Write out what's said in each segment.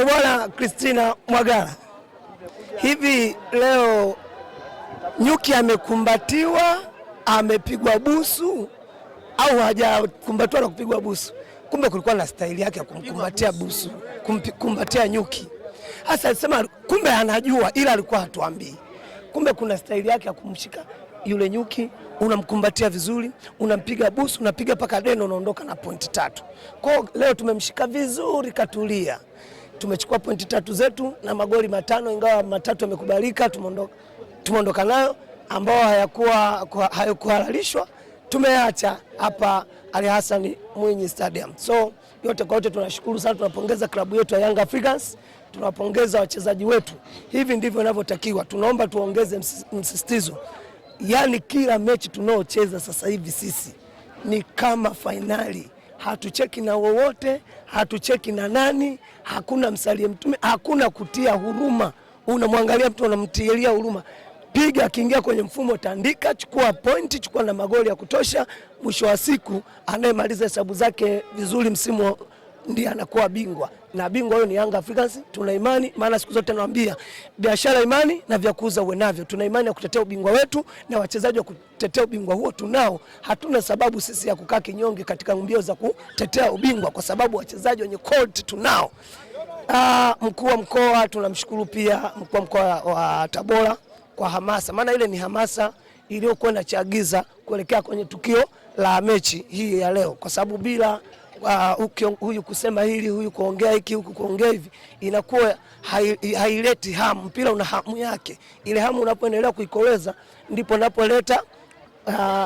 E bwana Christina Mwagara, hivi leo nyuki amekumbatiwa, amepigwa busu au hajakumbatiwa na kupigwa busu? Kumbe kulikuwa na staili yake ya kumkumbatia busu, kumkumbatia nyuki. Hasa alisema kumbe anajua, ila alikuwa hatuambii. Kumbe kuna staili yake ya kumshika yule nyuki, unamkumbatia vizuri, unampiga busu, unapiga mpaka deno, unaondoka na pointi tatu. Kwao leo tumemshika vizuri, katulia tumechukua pointi tatu zetu na magoli matano, ingawa matatu yamekubalika, tumeondoka tumeondoka nayo, ambao hayakuwa hayakuhalalishwa tumeacha hapa Ali Hassan Mwinyi Stadium. So yote kwa yote tunashukuru sana, tunapongeza klabu yetu ya Young Africans, tunawapongeza wachezaji wetu. Hivi ndivyo inavyotakiwa. Tunaomba tuongeze msisitizo, yani kila mechi tunaocheza sasa hivi sisi ni kama fainali hatucheki na wowote, hatucheki na nani, hakuna msalie mtume, hakuna kutia huruma. Unamwangalia mtu unamtilia huruma, piga. Akiingia kwenye mfumo, tandika, chukua pointi, chukua na magoli ya kutosha. Mwisho wa siku, anayemaliza hesabu zake vizuri msimu ndiye anakuwa bingwa, na bingwa huyo ni Young Africans. Tuna imani, maana siku zote nawaambia biashara imani na vya kuuza uwe navyo. Tuna imani ya kutetea ubingwa wetu na wachezaji wa kutetea ubingwa huo tunao. Hatuna sababu sisi ya kukaa kinyonge katika mbio za kutetea ubingwa, kwa sababu wachezaji wenye quality tunao. Ah, mkuu wa mkoa tunamshukuru pia mkuu wa mkoa wa Tabora kwa hamasa, maana ile ni hamasa iliyokuwa inachagiza kuelekea kwenye tukio la mechi hii ya leo, kwa sababu bila uh, huyu kusema hili, huyu kuongea hiki, huku kuongea hivi, inakuwa haileti hamu. Mpira una hamu yake, ile hamu unapoendelea kuikoleza ndipo napoleta uh,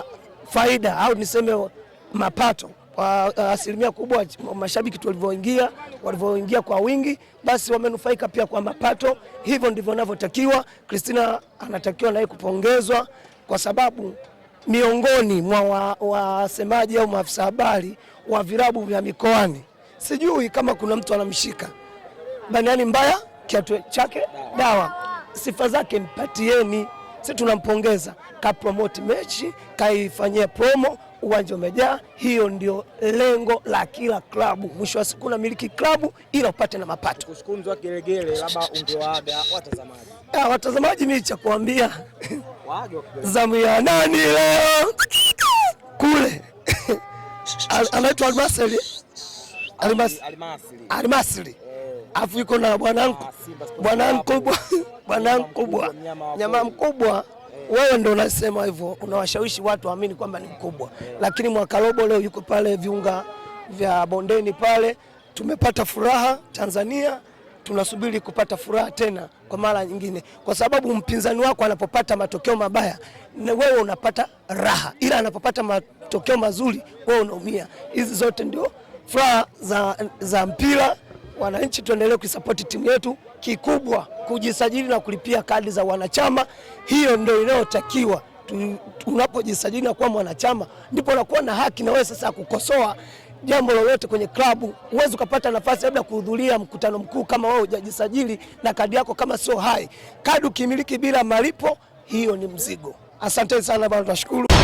faida au niseme mapato kwa uh, asilimia kubwa. Mashabiki tulivyoingia walivyoingia kwa wingi, basi wamenufaika pia kwa mapato. Hivyo ndivyo navyotakiwa. Kristina anatakiwa naye kupongezwa kwa sababu miongoni mwa wasemaji wa au maafisa habari wa virabu vya mikoani, sijui kama kuna mtu anamshika baniani mbaya kiatu chake dawa, sifa zake mpatieni, si tunampongeza, kapromoti mechi kaifanyia promo, uwanja umejaa. Hiyo ndio lengo la kila klabu, mwisho wa siku miliki klabu ila upate na mapato. Kusukumzwa gelegele, labda ungewaaga watazamaji. Ah, watazamaji mimi cha kuambia zamu ya nani leo kule anaitwa Almasri Almasri, eh. afu iko na bwanangu bwanangu kubwa nyama mkubwa eh. wewe ndo unasema hivyo, unawashawishi watu waamini kwamba ni mkubwa, eh. lakini Mwakalobo leo yuko pale viunga vya bondeni pale. Tumepata furaha Tanzania tunasubiri kupata furaha tena kwa mara nyingine, kwa sababu mpinzani wako anapopata matokeo mabaya wewe unapata raha, ila anapopata matokeo mazuri wewe unaumia. Hizi zote ndio furaha za, za mpira. Wananchi tuendelee kuisapoti timu yetu, kikubwa kujisajili na kulipia kadi za wanachama. Hiyo ndio inayotakiwa. Unapojisajili na kuwa mwanachama, ndipo unakuwa na haki na wewe sasa kukosoa jambo lolote kwenye klabu, huwezi ukapata nafasi labda kuhudhuria mkutano mkuu kama wewe hujajisajili na kadi yako kama sio hai. Kadi ukimiliki bila malipo, hiyo ni mzigo. asanteni sana bwana, tunashukuru.